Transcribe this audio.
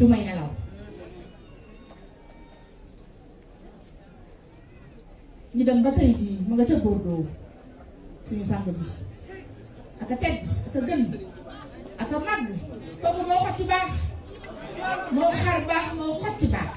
du nelaw ñu dem ba tey jii ma nga ca Bordeaux suñu sàng bi ak a tedd ak a gën ak a màgg kooku moo xotti baax moo xar baax moo xotti baax